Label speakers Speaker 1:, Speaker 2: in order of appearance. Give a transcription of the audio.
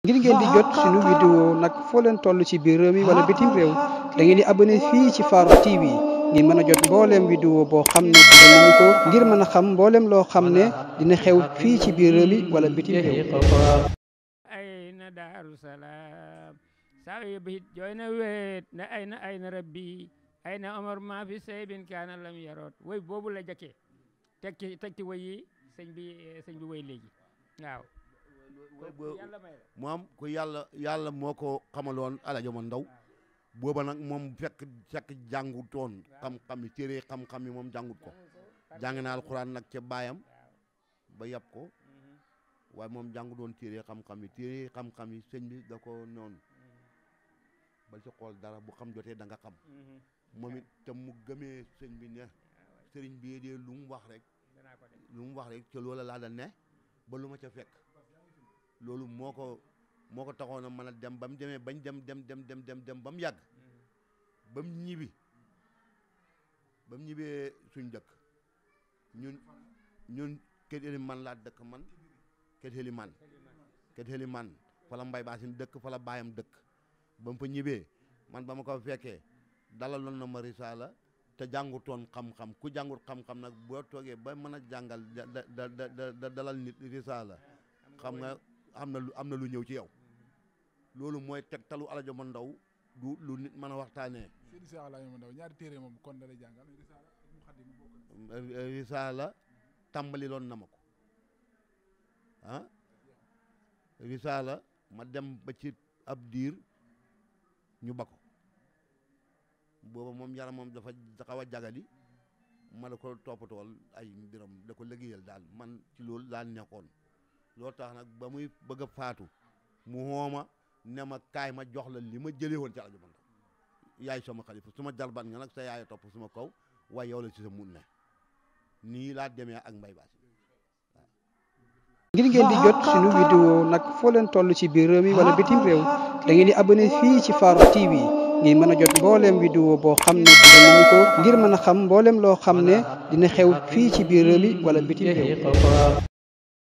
Speaker 1: ngir ngeen di jot suñu vidéo nag foo leen toll ci biir réew mi wala bitim réew da ngeen di abonné fii ci Farokh TV ngir mën a jot mbooleem vidéo boo xam ne ngir mën a xam mbooleem loo xam ne dina xew fii ci biir réew mi wala bitim réew ay na daaru salaam saa yu biit jooy na weet na ay na ay na rabbi ay na omar maa fi saybin kaana lam yaroot way boobu la jëkkee teg ci teg ci yi sëñ bi sëñ bi way léegi
Speaker 2: moom ku yàlla yàlla moo ko xamaloon alajo ma ndaw booba nag moom fekk fekk jàngutoon xam-xam yi téere xam-xam yi moom jàngut ko jàng na alxuraan nag ca baayam ba yab ko mm-hmm. waaye moom jàngu doon téere xam-xam yi téere xam-xam yi sëñ bi da ko noonu mm-hmm. bal ci xool dara bu xam jotee da nga xam mm-hmm. moom it te mu gëmee sëñ bi ne sëriñ bi dee lu mu wax rek lu mu wax rek ca loola laa da ne ba ca fekk loolu moko moko moo mana mana bam dem bam demé bañ dem dem dem dem dem dem bam yag mm-hmm. bam ñibi bam ñibé suñ dëkk ñun ñun kër man la dëkk man kër Eliman kër fa la mbay baa sin dëkk la bayam dëkk bam fa ñibé man bama ko fekkee dalaloon na ma risaala te jàngutoon xam-xam ku jàngut xam-xam nak bo ba mëna jangal da da da dalal nit risala xam nga am na lu am na lu ñëw ci yow loolu mooy teg talu alajo ma ndaw du lu nit mën a waxtaanee.
Speaker 1: sëñ kon da lay jàngal
Speaker 2: risaala tàmbali loon na ma ko ah risaala ma dem ba ci ab diir ñu ba ko booba moom yaram moom dafa xaw a jagadi ma la ko toppatool ay mbiram da ko liggéeyal daal man ci loolu daa nekkoon loolu tax nag ba muy bëgg a faatu mu xooma ne ma kaay ma jox la li ma jëlee woon ci rajo man yaay xalifa su ma nga nag sa yaay topp suma kaw waaye yow la ci sa mun ne nii laa demee ak mbay baasi waaw
Speaker 1: ngir ngeen di jot suñu vidéo nag foo leen toll ci biir réew mi wala bitim réew da di abonné fii ci Farokh TV ngir mën a jot mbooleem vidéo boo xam ne mën a xam mbooleem loo xam ne dina xew fii ci biir réew mi bitim réew